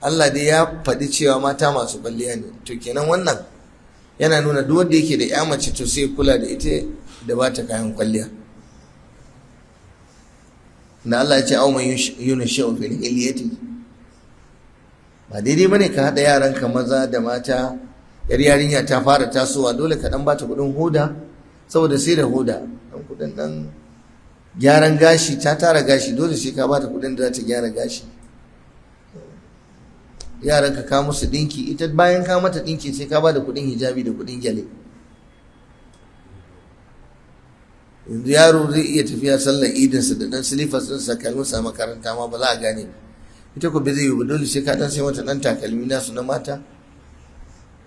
Allah dai ya faɗi cewa mata masu kwalliya ne to kenan wannan yana nuna duk wanda yake da ya mace to sai kula da ita da ba ta kayan kwalliya da Allah ya ce au yuna yunashu fil hiliyati ba daidai bane ka haɗa yaranka maza da mata yar yarinya ta fara tasowa dole ka dan ta kudin hoda saboda sai da hoda dan kudin nan gyaran gashi ta tara gashi dole sai ka ta kuɗin da za ta gyara gashi yaran ka ka musu dinki ita bayan ka mata dinki sai ka ba da kudin hijabi da kudin gyale yanzu yaro zai iya tafiya sallar idinsa da dan silifas ɗinsa sa makaranta ma ba za a gane ba ita ko zai yi ba dole sai ka dan sai mata dan takalmi nasu na mata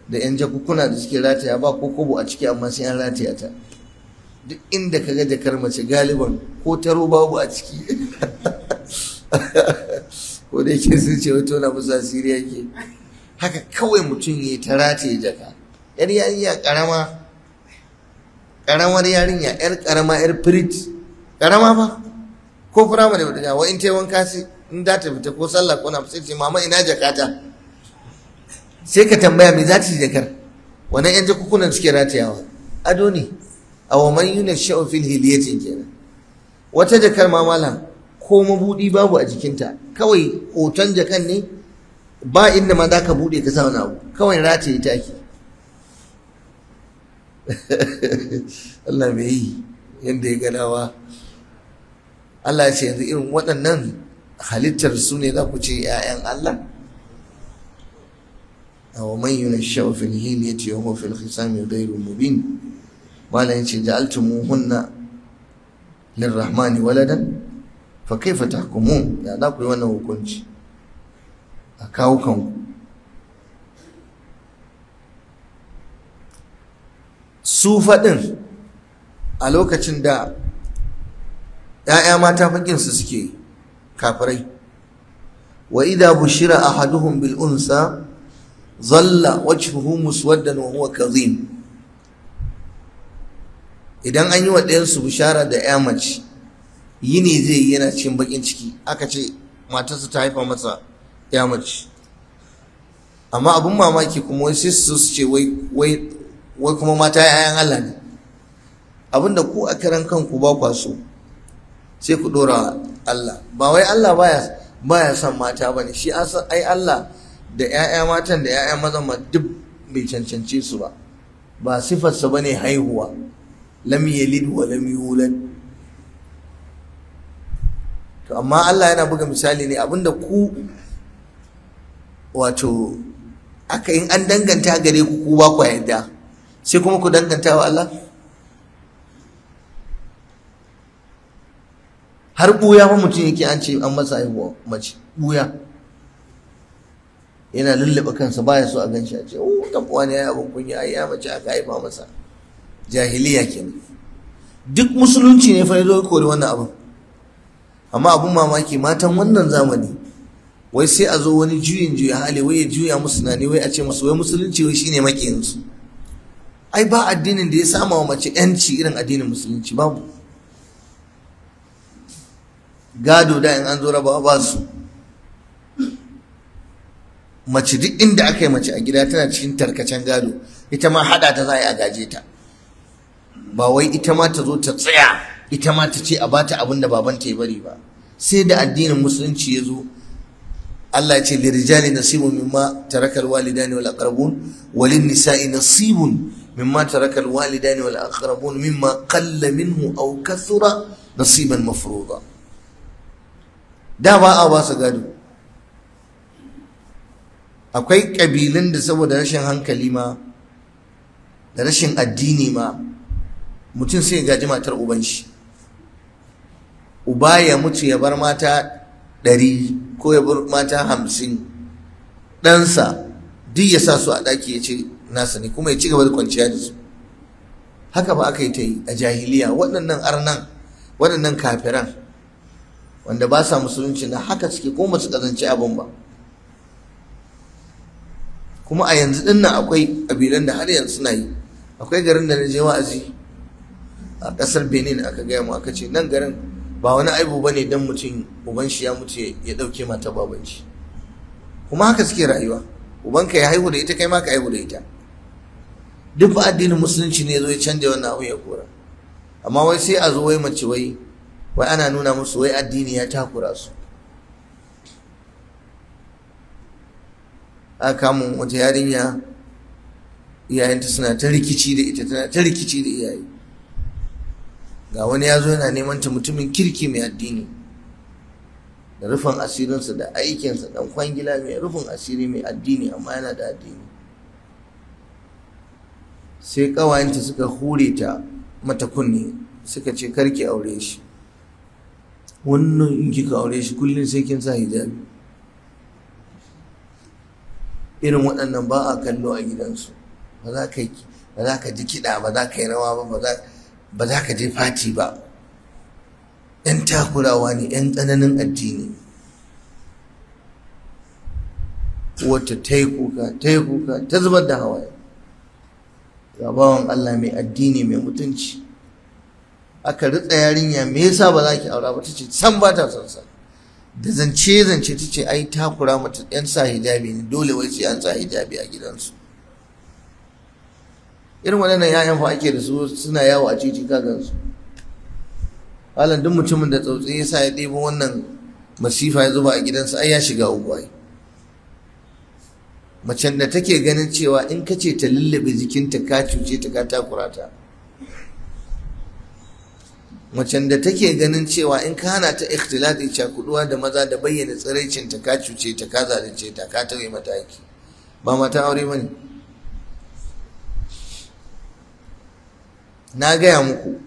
da yan jakukuna da suke rataya ba ko kobo a ciki amma sai an rataya ta duk inda ka ga jakar mace galiban ko ta roba babu a ciki ko da yake sun ce wato na musa siriya ke haka kawai mutum ya ta rataye jaka yar yarinya karama karamar yarinya yar karama yar firit karama ba ko firamare da ta wa in ta wanka sai in za ta fita ko sallah ko na sai ce mama ina jakata sai ka tambaya me za ta jakar wannan yan jakukunan suke ratayawa ado ne a waman yunar sha'ofin hiliyatin kenan wata jakar ma malam ko mabudi babu a jikinta kawai hoton jakan ne ba inda ma za ka buɗe ka sa kawai rataye ya taki Allah mai yi yadda ya ganawa Allah ya ce yanzu irin waɗannan halittar su ne za ku ce ‘ya'yan Allah a wa man yuna hin ya ce wa fil khisami ghairu mubin malan ce ja'altumuhunna lirrahmani waladan fa kaifa tahkumun ya za ku yi wannan hukunci a kawo kanku su faɗin a lokacin da ‘ya'ya mata fakinsu suke kafirai wa idha bushira a haduhun bil'unsa zalla wajhuhu muswaddan wadda huwa kazim idan an yi wa ɗayansu bishara da ‘ya mace yi ne zai yi yana cikin bakin ciki aka ce matarsa ta haifa masa ya mace amma abin mamaki kuma wai sai su ce wai wai kuma mata yayan Allah ne abinda ku a karan kanku ba kwa so sai ku dora Allah ba wai Allah baya baya son mata bane shi san ai Allah da 'ya'ya matan da 'ya'ya mazan ma duk bai cancance su ba ba sifarsa bane haihuwa lam yalid wa lam yulad to amma Allah yana buga misali ne abinda ku wato aka yi an danganta gare ku ku ba ku yadda sai kuma ku danganta wa Allah har buya ma mutum yake an ce an masa yi mace buya yana lullaba kansa baya so a gan shi a ce oh dan uwa ne ya abin kunya ayi ya mace aka haifa masa jahiliya kenan duk musulunci ne fa ya zo kori wannan abin amma abin mamaki matan wannan zamani wai sai a zo wani juyin juya hali wai ya juya musu nani wai a ce masu. wai musulunci wai shine makiyinsu ai ba addinin da ya sama wa mace yanci irin addinin musulunci babu gado da in an zo rabawa ba su mace duk inda aka yi mace a gida tana cikin tarkacen gado ita ma hada ta za a gaje ta ba wai ita ma ta zo ta tsaya ita ma ta ce a bata abin da babanta ya bari ba sai da addinin musulunci ya zo Allah ya ce lirijali nasibun mimma tarakal walidani wal aqrabun walin nisa'i nasibun mimma tarakal walidani wal aqrabun mimma qalla minhu aw kathura nasiban mafruḍa da ba a ba su gado akwai kabilun da saboda rashin hankali ma da rashin addini ma mutum sai ya gaji matar uban shi uba ya mutu ya bar mata ɗari ko ya bar mata hamsin ɗansa duk ya sa su a ɗaki ya ce nasa ne kuma ya ci gaba da kwanciya da su haka ba aka yi ta yi a jahiliya waɗannan arnan waɗannan kafiran wanda ba sa musulunci na haka suke ko masu kazanci abin ba kuma a yanzu ɗin nan akwai ƙabilan da har yanzu suna yi akwai garin da na je wa'azi a ƙasar benin aka gaya mu aka ce nan garin ba wani aibu ba ne don mutum uban shi ya mutu ya ɗauke mata baban kuma haka suke rayuwa Uban ka ya haihu da ita kai ma ka haihu da ita duk ba addinin musulunci ne zo ya canja wannan abun ya kora amma wai sai a zo wai mace wai wai ana nuna musu wai addini ya takura su a kamun wata yarinya iyayenta suna ta rikici da ita tana ta rikici da iyaye ga wani ya zo yana neman ta mutumin kirki mai addini da rufin asirinsa da aikinsa dan kwangila mai rufin asiri mai addini amma yana da addini sai ƙawayenta suka hure ta mata kunne suka ce karki aure shi wannan in kika aure shi kullum sai kin sa hijabi irin waɗannan ba a kallo a gidansu ba za ka ji kiɗa ba za ka yi rawa ba ba za ka ba za ka je fati ba ‘yan takurawa ne ‘yan tsananin addini wata ta yi kuka ta yi kuka ta zubar da hawaye gabawan Allah mai addini mai mutunci aka ritsa yarinya me yasa ba za ki aura ba tace san ba ta son sa da zance zance tace ai takura mata yan sa hijabi ne dole wai sai an sa hijabi a gidansu irin waɗannan ‘ya'yan fa ake da su suna yawo a cikin kagansu alan duk mutumin da tsautsi ya sa ya ɗebo wannan masifa ya zuba a gidansa ai ya shiga uku macen da take ganin cewa in ka ce ta lullube jikinta ka cuce ta ka takura macen da take ganin cewa in ka hana ta ikhtilati cakuduwa da maza da bayyana tsiraicinta ka cuce ta ka zalunce ta ka tauye mataki, ba mata aure bane na gaya muku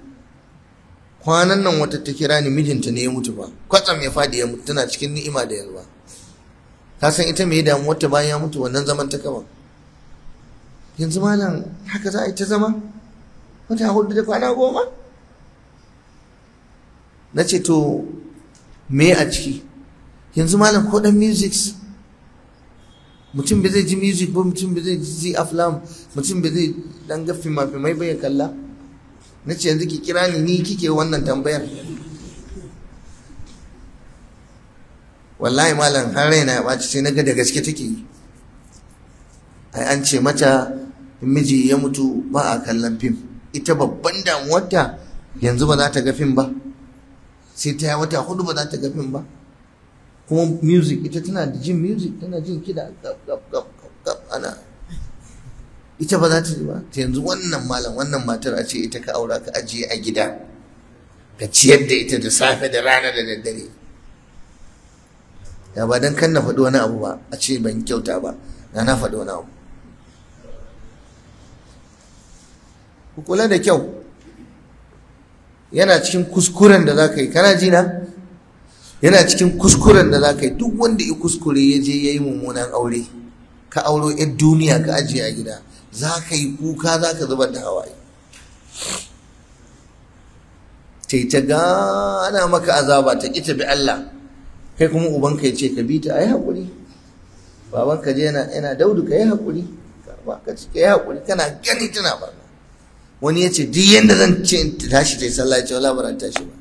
kwanan nan wata ta kira ni mijinta ne ya mutu ba kwatsam ya fadi ya mutu tana cikin ni'ima da yalwa ka san ita me damu wata bayan ya mutu wannan zaman ta kama yanzu nan haka za a yi ta zama wata hudu da kwana goma na ce to me a ciki yanzu ma ko dan music mutum bai zai ji music ba mutum bai zai ji aflam mutum bai zai dan ga fima-fimai bai kalla na ce yanzu ki kira ni ni kike wannan tambayar wallahi malam har raina ya ɓaci sai na ga da gaske take yi ai an ce mata miji ya mutu ba a kallon fim ita babban damuwarta yanzu ba za ta ga fim ba sai ta yi wata hudu ba za ta ga fim ba kuma music ita tana da jin music tana jin kiɗa ita ba za ta ji ba ta yanzu wannan malam wannan matar a ce ita ka aura ka ajiye a gida ka ciyar da ita da safe da rana da daddare ya ba don kan na faɗi wani abu ba a ce ban kyauta ba na na faɗi wani abu ku kula da kyau yana cikin kuskuren da za ka yi kana ji na yana cikin kuskuren da za ka yi duk wanda ya kuskure ya je ya yi mummunan aure ka auro 'yan duniya ka ajiye a gida za ka yi kuka za ka zubar da hawaye tai ta gana maka azaba ta ƙi ta bi Allah kai kuma ubanka ya ce ka bi ta a yi haƙuri babanka je yana daudu ka yi haƙuri ka ce ka yi haƙuri kana gani tana barna wani ya ce duk yadda zan ce in tashi ta yi sallah ya ce wala ta tashi ba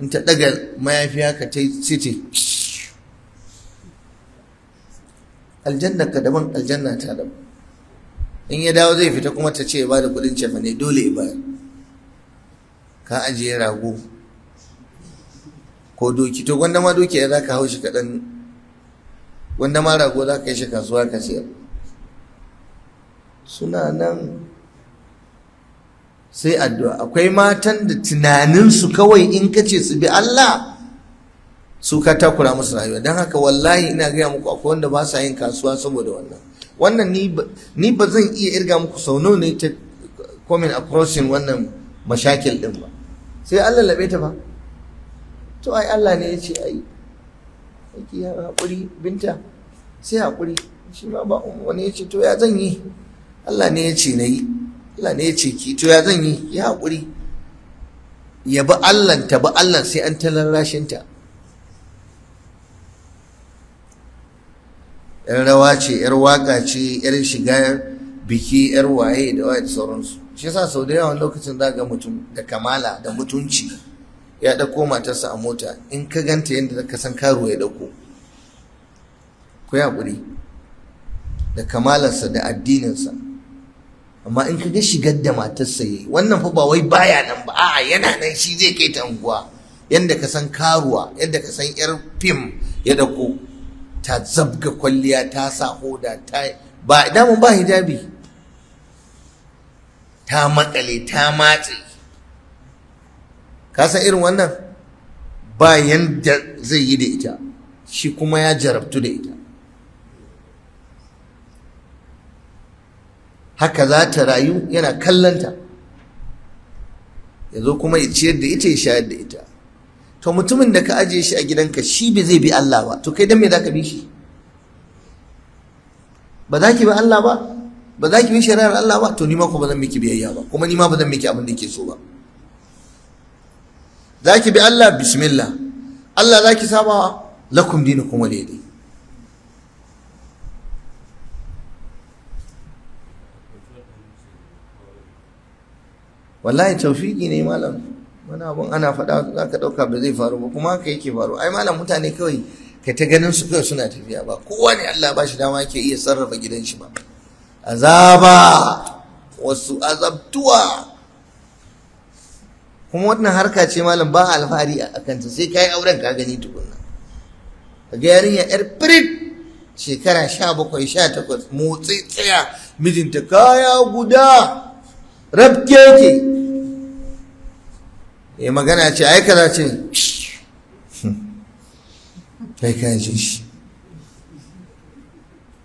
in ta ɗaga mayafiya ka ta yi sai aljanna ka daban aljanna ta daban in ya dawo zai fita kuma ta ce ba bada kudin cefa ne dole ya bayar ka ajiye rago ko doki to gwanda ma doki ya za ka hau shi kaɗan gwanda ma rago za ka yi shi kasuwa ka siyar suna nan sai addu'a akwai matan da tunaninsu kawai in ka ce su bi Allah su ka takura musu rayuwa don haka wallahi ina gaya muku akwai wanda ba sa yin kasuwa saboda wannan wannan ni ba zan iya irga muku sau nawa ne ta komin crossing wannan mashakil din ba sai Allah labe ta ba to ai Allah ne ya ce ai ya haƙuri binta sai haƙuri shi ma ba wani ya ce to ya zan yi Allah ne ya ce na yi Allah ne ya ce ki to ya zan yi ya haƙuri ya bi Allah ta bi Allah sai an ta rarrashinta yar rawa ce yar waka ce yar shiga biki yar waye da waye da sauransu shi yasa sau da yawan lokacin za ga mutum da kamala da mutunci ya ɗauko matarsa a mota in ka ganta yadda ka san karo ya ɗauko ku da kamalarsa da addininsa amma in ka ga shigar da matarsa yi wannan fa wai baya nan ba a'a yana nan shi zai kai ta unguwa yadda ka san karuwa yadda ka san yar fim ya ɗauko ta zabga kwalliya ta sa hoda ta ba damun ba hijabi ta makale ta matse ka san irin wannan ba yanda zai yi da ita shi kuma ya jarabtu da ita haka za ta rayu yana kallanta ya zo kuma ya ciyar da ita ya shayar da ita to mutumin da ka ajiye shi a gidanka shi bai zai bi Allah ba to kai dan me zaka bi shi ba za ki bi Allah ba ba za ki bi shari'ar Allah ba to ni ma ko ba zan miki biyayya ba kuma ni ma ba zan miki abin da ke so ba za ki bi Allah bismillah Allah za ki saba lakum dinukum waliyadi wallahi tawfiki ne malam wani abun ana faɗa za ka ɗauka ba zai faru ba kuma haka yake faru ai malam mutane kawai kai ta ganin su kawai suna tafiya ba kowane ne Allah ba shi dama yake iya sarrafa gidan shi ba azaba wasu azabtuwa kuma wannan harka ce malam ba alfahari a kanta sai yi auren ka gani tukunna ga yarinya yar firit shekara sha bakwai sha takwas motsi tsaya mijinta kaya guda rabke ke ya eh, magana ce ai kaza ce kai ji shi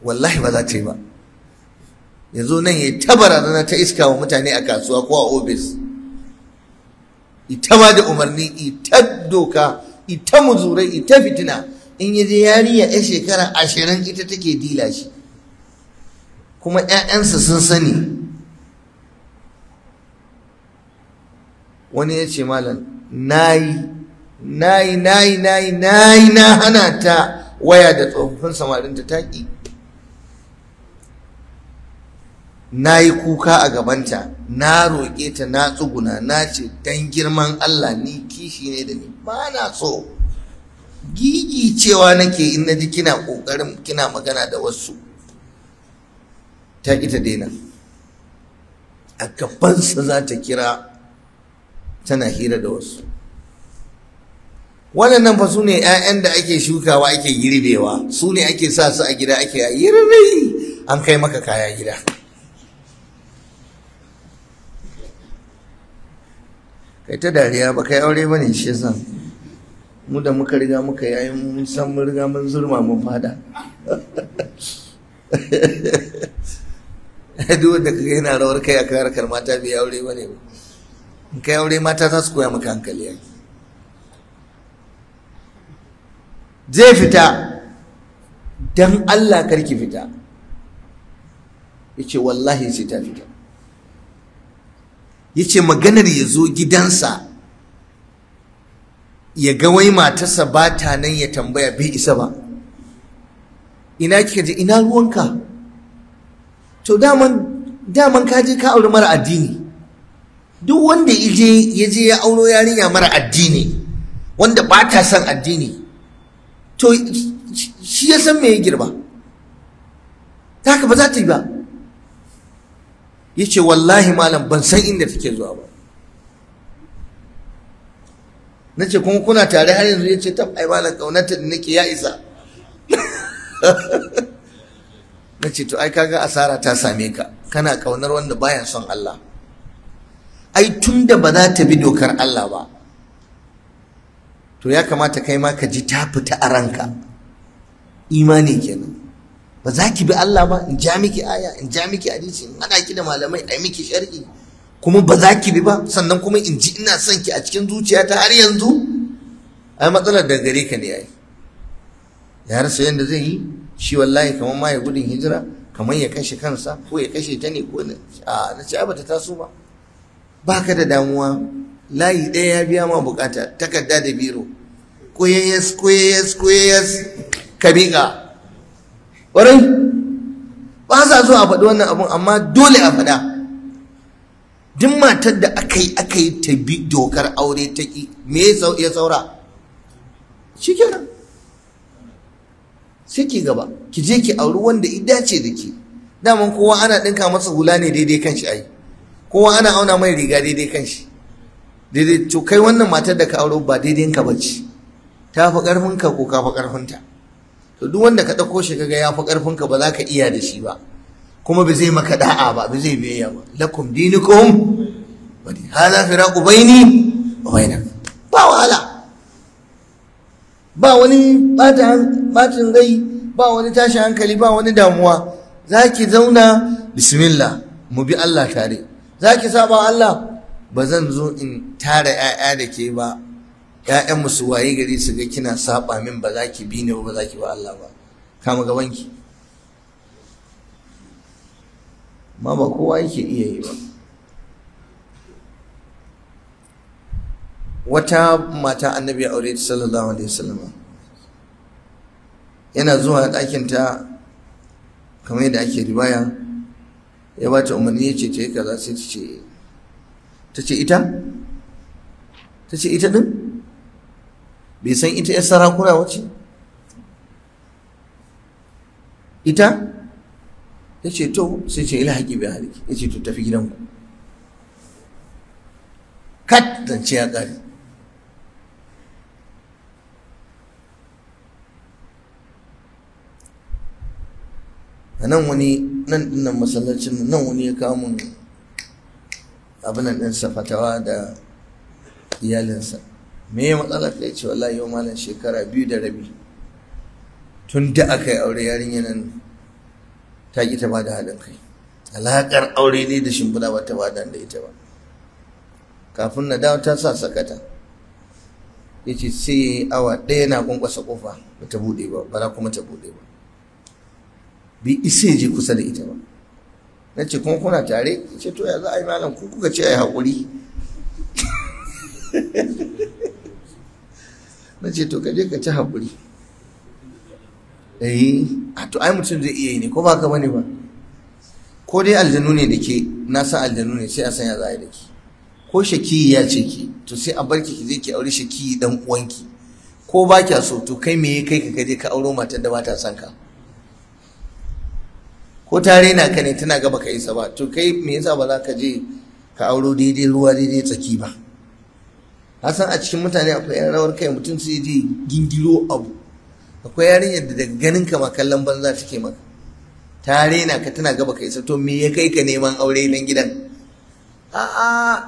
wallahi ba za ta yi ba ya nan ya ta barazana ta iska wa mutane a kasuwa ko a ofis ita ba da umarni ita doka ita muzurai ita fitina in ya je yariya ya shekara ashirin ita take dila shi kuma 'ya'yansa sun sani wani ya ce malam nayi nayi nayi nayi nayi na hana ta waya da tsofaffin samarin ta Na nayi kuka a gabanta na roƙe ta na tsuguna na ce dan girman Allah ni kishi ne da ni ba na so gigi cewa nake in na ji kina kokarin kina magana da wasu ta ita daina a gabansa za ta kira tana hira da wasu waɗannan fa su ne 'ya'yan da ake shukawa ake girbewa su ne ake sa su a gida ake yirri an kai maka kaya gida kai ta dariya ba kai aure bane shi san mu da muka riga muka yi mun san mun riga mun zurma mun fada duk wanda kaga yana rawar kai a harkar mata bai aure bane ba in kai aure mata za su koya maka hankali yayi zai fita don Allah karki fita Ya ce wallahi sai ta fita Ya ce maganar ya zo gidansa ya ga wai matarsa ba ta nan ya tambaya bai isa ba ina kika je ina ruwanka to daman daman ka je ka auri mara addini duk wanda ije ya je ya auro yarinya mara addini wanda ba ta son addini to shi ya san me ya girba ta ka ba za ta yi ba ya ce wallahi malam ban san inda take zuwa ba na ce kuma kuna tare har yanzu ya ce tab ai malam kaunata da nake ya isa na ce to ai kaga asara ta same ka kana kaunar wanda bayan son Allah ai tun da ba za ta bi dokar Allah ba to ya kamata kai ma ka ji ta fita a ranka imani kenan ba za ki bi Allah ba in ja miki aya in ja miki hadisi in hada ki da malamai ai miki sharhi kuma ba za ki bi ba sannan kuma in ji ina son ki a cikin zuciya ta har yanzu ai matsalar da gare ka ne ai ya rasa yadda zai yi shi wallahi kamar ma ya gudun hijira kamar ya kashe kansa ko ya kashe ta ne ko na ce ba ta taso ba baka da damuwa layi ɗaya ya biya ma bukata takarda da biro koyayyas koyayyas koyayyas ka miƙa wurin ba sa so a faɗi wannan abun amma dole a faɗa duk matar da aka yi aka yi ta bi dokar aure ta ƙi me ya saura shikenan sai ki gaba ki je ki auri wanda i dace da ki daman kowa ana ɗinka masa hula ne daidai kan shi ai kowa ana auna mai riga daidai kan shi daidai to kai wannan matar da ka auro ba daidai ka bace ta fi karfin ka ko ka fi karfin ta to duk wanda ka dauko shi kaga ya fi karfin ka ba za ka iya da shi ba kuma ba zai maka da'a ba ba zai biyayya ba lakum dinukum wa Hala firaqu baini wa baina ba wahala ba wani batin rai ba wani tashin hankali ba wani damuwa za ki zauna bismillah mu bi Allah tare za ki saba Allah ba zan zo in tara 'ya'ya da ke ba 'ya'yan musu waye gari su ga kina saba min ba za ki bi ne ba za ki ba Allah ba kama gabanki ma ba kowa yake iya yi ba wata mata annabi ya aure sallallahu alaihi wasallam yana zuwa ɗakinta kamar yadda ake riwaya ya bata umarni ya ce ta yi kaza sai ta ce ta ce ita ta ce ita din bai san ita ya sarakuna wace ita Ya ce to sai ce ila haƙi bai haliki ya ce to tafi gidanku kat zance ya ƙari. a nan wani nan dinnan masallacin nan wani ya kawo mun abinan ɗinsa fatawa da iyalinsa me ya matsala ta ce wallahi yau malam shekara biyu da rabi tun da aka aure yarinya nan ta ki ta bada haɗin kai alaƙar aure ne da shimfiɗa ba ta bada da ita ba kafin na dawo ta sa sakata ya ce sai awa ɗaya na ƙwanƙwasa ƙofa ba ta buɗe ba bara kuma ta buɗe ba Bi isa je kusa da ita ba na ce kuma kuna tare ce to ya za a yi malam ku kuka ce a yi haƙuri na ce to kaje ka ci haƙuri eh a to ai mutum zai iya yi ne ko ba ka bane ba ko dai aljanu ne da ke na san aljanu ne sai a ya za a yi da ke ko shaki ya ce ki to sai a barki ki zai ki aure shaki dan uwanki ko ba kya so to kai me kai ka kaje ka auro matar da ba ta san ka ko ta rena ka ne tana ga baka isa ba to kai me yasa ba za ka je ka auro daidai ruwa daidai tsaki ba Na san a cikin mutane akwai yan rawar kai mutum sai je gindiro abu akwai yarinyar da daga ganin ka ma kallon banza take maka ta rena ka tana gaba ka isa to me ya kai ka neman aure nan gidan a'a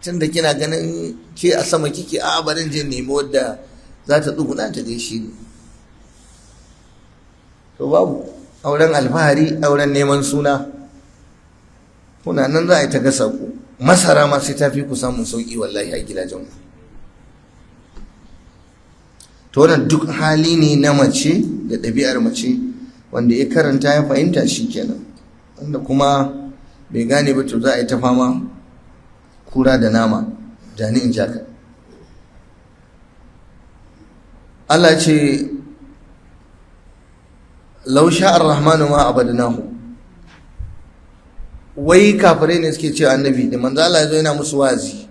tun da kina ganin ke a sama kike a barin je nemi wadda za ta tsuguna ta gaishe ni to babu auren alfahari auren neman suna kuna nan za a yi ta gasa ku masara ma sai ta fi ku samun sauƙi wallahi a gidajen mu to wannan duk hali ne na mace da ɗabi'ar mace wanda ya karanta ya fahimta shi kenan wanda kuma bai gane ba to za a yi ta fama kura da nama jani in jaka Allah ce law sha'ar rahmanu ma nahu. wai kafirai ne suke cewa annabi da manzo ya zo yana musu wazi